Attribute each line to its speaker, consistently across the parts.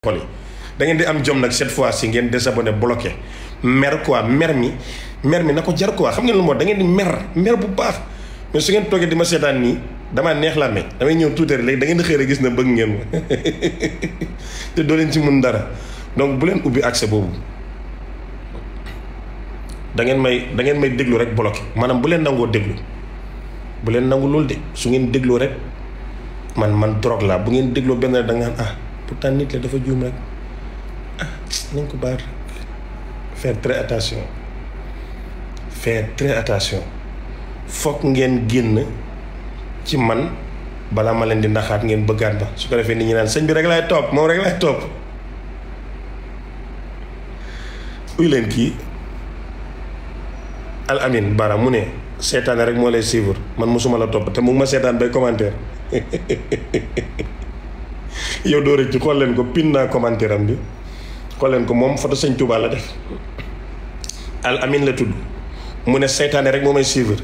Speaker 1: koli da ngeen di am jom nag cette fois si ngeen désabonné bloqué mer quoi mer mi mer mi na ko jar quoi xam ngeen lu moo dangeen ngeen di mer mer bu baax mais su ngeen toogee di ma seetaan nii damaa neex la amee damay ñëw tuuti rek léegi da ngeen di xëy rek gis na bëgg ngeen te doo leen ci mun dara donc bu leen ubbi accès boobu da ngeen may da ngeen may déglu rek bloqué maanaam bu leen nangoo déglu bu leen nangu loolu de su ngeen dégloo rek man man drogue laa bu ngeen dégloo benn rek da pourtant dafa juum rek ah nañ ko baal rek faire très attention faire très attention foog ngeen génn ci man balaa ma leen di ndaxaat ngeen bëggaat ba su ko defee nit ñi naan sëñ bi rek laay topp moom rek laay topp uy leen kii al amin mu ne seetaane rek moo lay suivre man mosuma la topp te mu ma seetaan bay commentaire yow doo rëcc xool leen ko pin naa commentaire am bi xool leen ko moom photo sëñ Touba la def al la tudd mu ne seytaane rek moo may suivre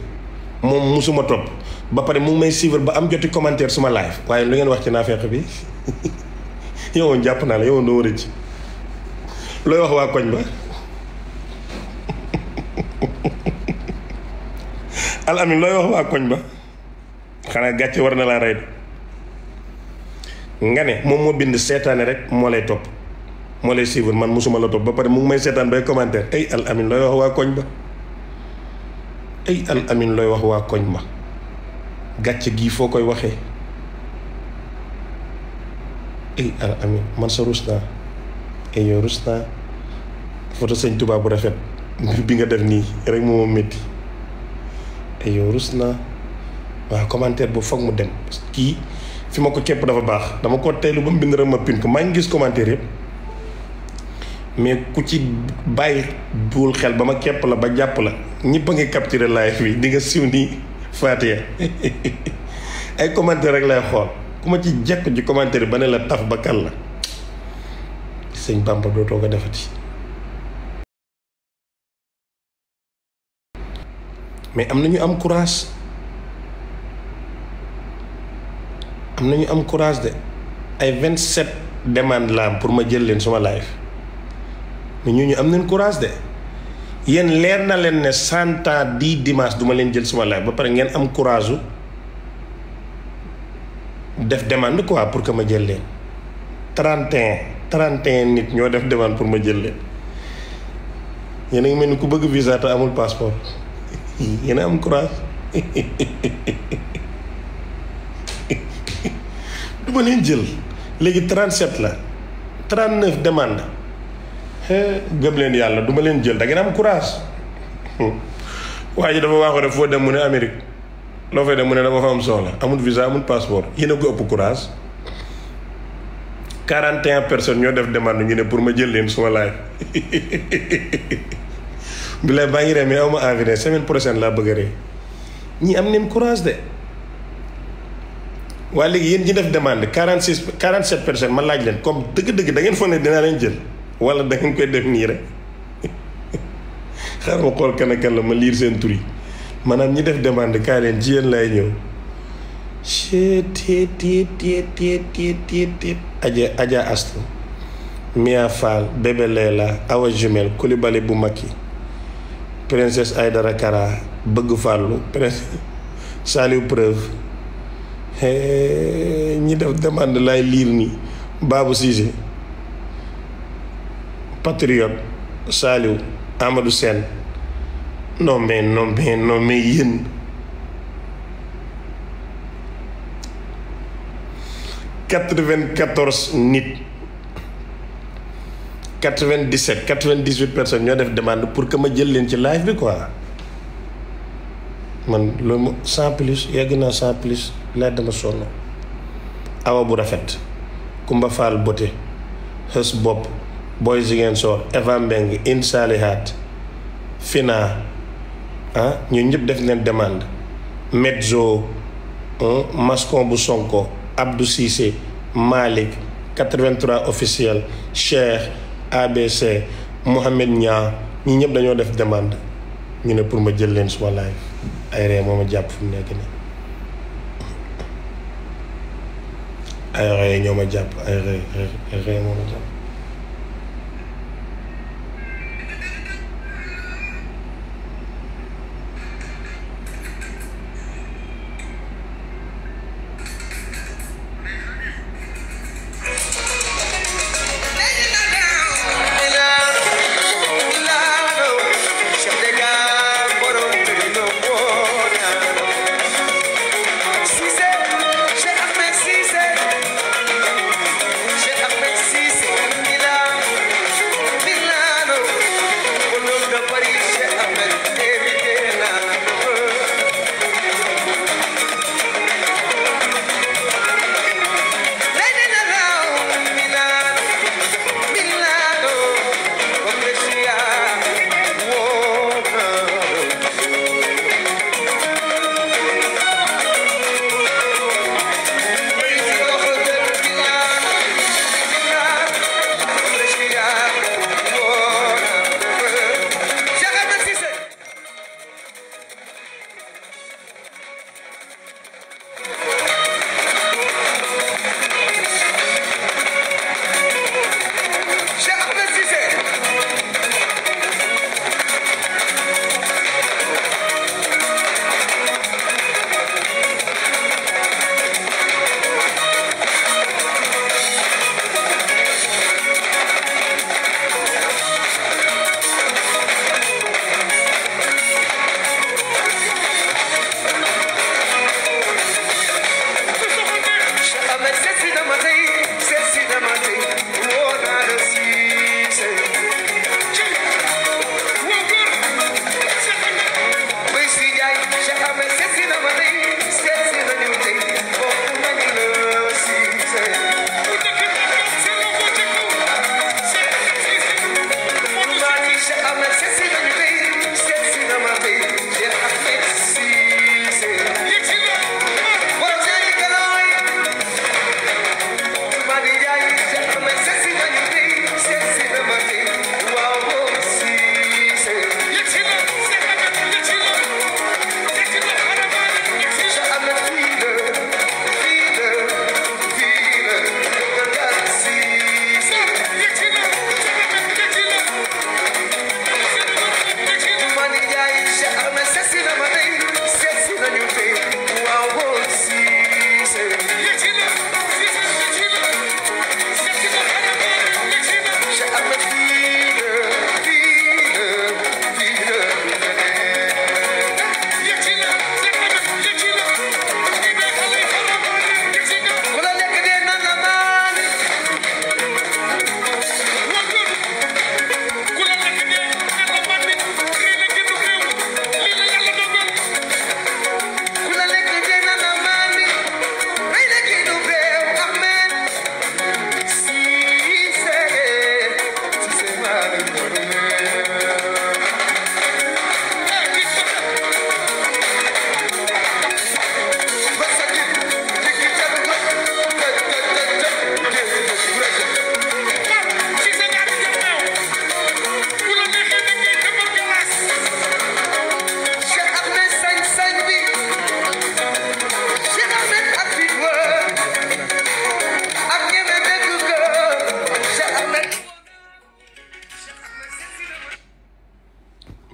Speaker 1: moom musuma topp ba pare mu may suivre ba am joti commentaire suma live waaye lu ngeen wax ci naafeq bi yowoon jàpp naa la yowoon doo rëcc looy wax waa koñ ba al amin looy wax waa koñ ba xanaa gàcce war na laa rey nga ne moom moo bind seetaane rek moo lay topp moo lay suivre man mosuma la topp ba pare mu may seetaan bay commentaire ay al amin looy wax waa koñ ba amin looy wax waa koñ ba gàcce gii foo koy waxee ay al amin man sa rus naa ay yow rus naa foto sëñ Tuubaa bu rafet bi nga def nii rek moo métti ay yow rus naa waa commentaire bu foog mu dem kii fi ma ko képp dafa baax dama ko teylu ba mu bind rek ma pin ko maa ngi gis commentaire yëpp mais ku ci bàyyi buul xel ba ma kepp la ba jàpp la ñëpp a ngi capturer live bi di nga siw ni Fatia ay commentaire rek lay xool ku ma ci jekk ci commentaire ba ne la taf ba kan la sëñ Bamba dootoo ko defati mais am na ñu am courage am na ñu am courage de ay vingt sept demande la pour ma jël leen suma live ñu ñu am nañ courage de yéen leer na leen ne cent di dimanche duma leen jël suma live ba pare ngeen am courage def demande quoi pour que ma jël leen trente et nit ñoo def demande pour ma jël leen yéen a ngi mel ni ku bëgg visa te amul passeport yéen a am courage du ma leen jël léegi 37 la 39 demande eh, gëm leen yàlla duma leen jël da ngeen am courage. Hmm. waa ji dafa waaxoo def foo dem mu ne Amérique loo fay dem mu ne dafa fa am soxla amul visa amul passeport yéen a ko ëpp courage. 41 personnes ñoo def demande ñu ne pour ma jël leen suma laaj bi lay baa ngi ree mais aw ma invité semaine prochaine laa bëgg a ree ñi am neen courage de. waaye léegi yéen ñi def demande quarante six quarante sept personnes ma laaj leen comme dëgg-dëgg da ngeen foog ne dinaa leen jël wala da ngeen koy def nii rek xaaral xool kan ak la ma liir seen tur yi maanaam ñi def demande kaay leen ci yéen lay ñëw. cheeteet teet Aja Aja Astu Mia Fall Bébé Leila Awa Jumel Koulibaly bu Makki princesse Aïdara Kara bëgg fàllu princesse Saliou Preuve Eh, ñi def demand laay liir nii Babou Cissé Patriote Saliou Amadou Sène non mais non mais quatre-vingt-quatorze nit quatre-vingt-dix-sept quatre-vingt-dix-huit personnes ñoo def demande pour que ma jël leen ci live bi quoi man loolu cent plus yegg naa cent plus laa dama sonn awa bu rafet Kumba Faal Bote xës bopp Boy Ziguinchor Eva Mbeng Insalihat Fina ah ñun ñëpp def leen demande Medzo Mascon bu Sonko Abdou Cissé Malick 83 officiel Cheikh ABC Mohamed Niang ñi ñëpp dañoo def demande ñu ne pour ma jël leen suma live ay ree moo ma jàpp fu mu nekk nii ay ree ñoo ma jàpp ay ree ree ree moo ma jàpp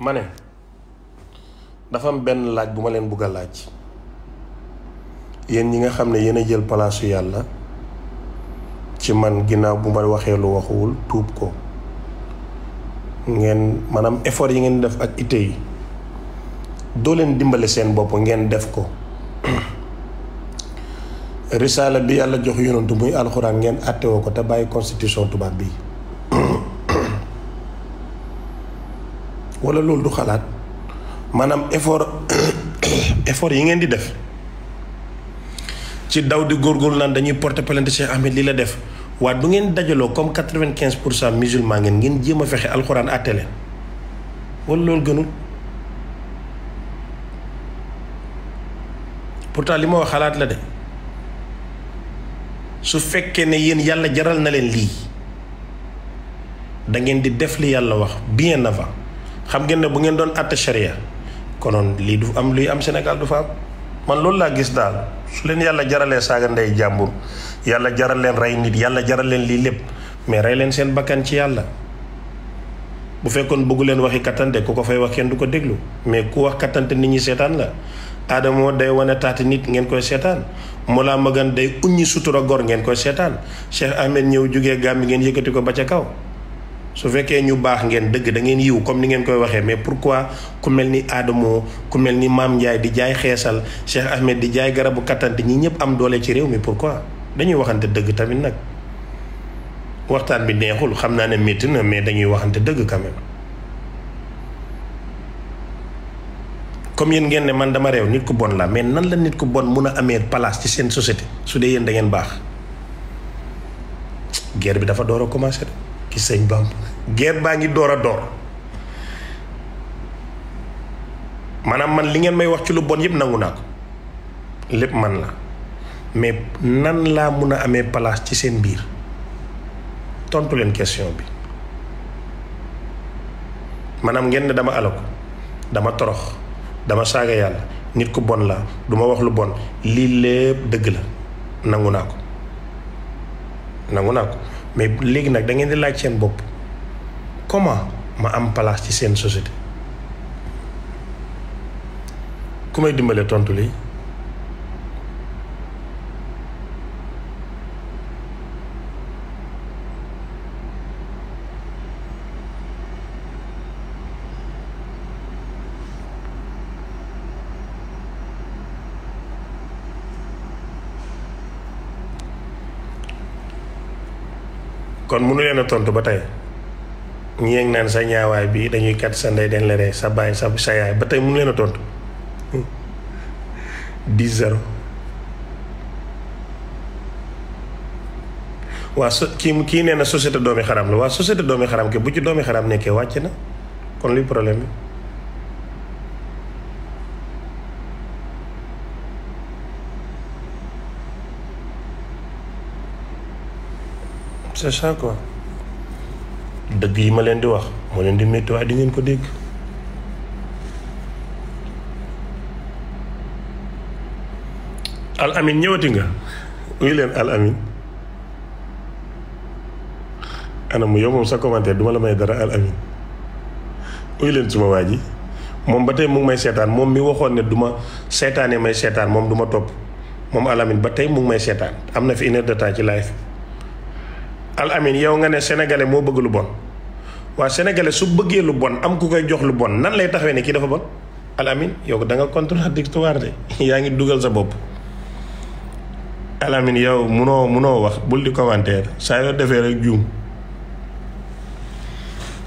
Speaker 1: mane dafam benn laaj bu ma leen bugg a laaj yéen ñi nga xam ne yéen a jël palaasu yàlla ci man ginnaaw bu ma waxee lu waxuwul tuub ko ngeen maanaam effort yi ngeen def ak ité yi doo leen dimbale seen bopp ngeen def ko risaala bi yàlla jox yonantu muy alxuraan ngeen àttewoo ko te bàyyi constitution tubaab bi wala loolu du xalaat maanaam effort effort yi ngeen di def ci daw di góorgóorlu naan dañuy porter plainte Cheikh Ahmed li la def waa du ngeen dajaloo comme quatre-vingt-quinze pour cent musulman ngeen ngeen jéem a fexe alxuraan àtte leen wala loolu gënul pourtant li ma wax xalaat la de su fekkee ne yéen yàlla jaral na leen lii da ngeen di def li yàlla wax bien avant. xam ngeen ne bu ngeen doon àtte sharia konoon lii du am luy am Sénégal du fa am man loolu laa gis daal su leen yàlla jaralee saaga ndey jàmbur yàlla jaral leen rey nit yàlla jaral leen lii lépp mais rey leen seen bakkan ci yàlla bu fekkoon bëggu leen waxi kattante ku ko fay wax kenn du ko déglu mais ku wax kattante nit ñi seetaan la moo day wane taati nit ngeen koy seetaan Mollah Morgun day uññi sutura gor ngeen koy seetaan Cheikh Ahmed ñëw jugee gàmmi ngeen yëkkati ko ba ca kaw su fekkee ñu baax ngeen dëgg dangeen ngeen yiw comme ni ngeen koy waxee mais pourquoi ku mel ni aadamoo ku mel ni Maam Ndiaye di jaay xeesal Cheikh Ahmed di jaay garabu kattante ñi ñëpp am doole ci réew mi pourquoi dañuy waxante dëgg tamit nag waxtaan bi neexul xam naa ne métti na mais dañuy waxante dëgg quand comme yéen ngeen ne man dama réew nit ku bon la mais nan la nit ku bon mun a amee place ci seen société su dee yéen da ngeen baax guerre bi dafa door commencé. ki sëñ Bamb guerre baa ngi door a door maanaam man li ngeen may wax ci lu bon yëpp nangu naa ko lépp man la mais nan laa mun a amee place ci seen biir tontu leen question bi maanaam ngeen ne dama alako dama torox dama saaga yàlla nit ku bon la duma wax lu bon lii lépp dëgg la nangu naa ko nangu naa ko mais léegi nag da ngeen di laaj seen bopp comment ma am place ci seen société ku may dimbale tontu lii kon mënu leen a tontu ba tey ñii naan sa ñaawaay bi dañuy kat sa ndey den sa baay sa sa yaay ba tey mënu leen a tontu hmm. dix zéro waa so kii kii nee na société doomi xaram la waa société doomi xaram ke bu ci doomi xaram nekkee wàcc na kon luy problème bi c'est ça quoi dëgg yi ma leen di wax moo leen di métti waaye di ngeen ko dégg. al amin ñëwati nga uy leen al amin anam yow moom sa commentaire duma la may dara al amin uy leen suma waa ji moom ba tey mu ngi may seetaan moom mi waxoon ne duma seetaanee may seetaan moom duma topp moom al amin ba tey mu may seetaan am na fi une heure de temps ci live al amin yow nga ne sénégalais moo bëgg lu bon waa sénégalais su bëggee lu bon am ku koy jox lu bon nan lay taxawee ne kii dafa bon al amin yow da nga contradictoire de yaa ngi dugal sa bopp. al yow munoo munoo wax bul di commentaire saa yoo defee rek juum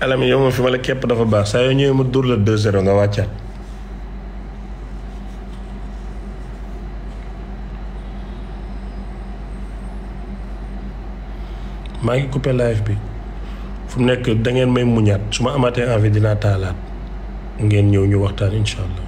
Speaker 1: al amin yow moom fi ma la képp dafa baax saa yoo ñëwee mu dur la 2-0 nga wàccaat. maa ngi coupé live bi fu mu nekk da ngeen may muñaat su ma amaatee envie dinaa taalaat ngeen ñëw ñu waxtaan incha allah.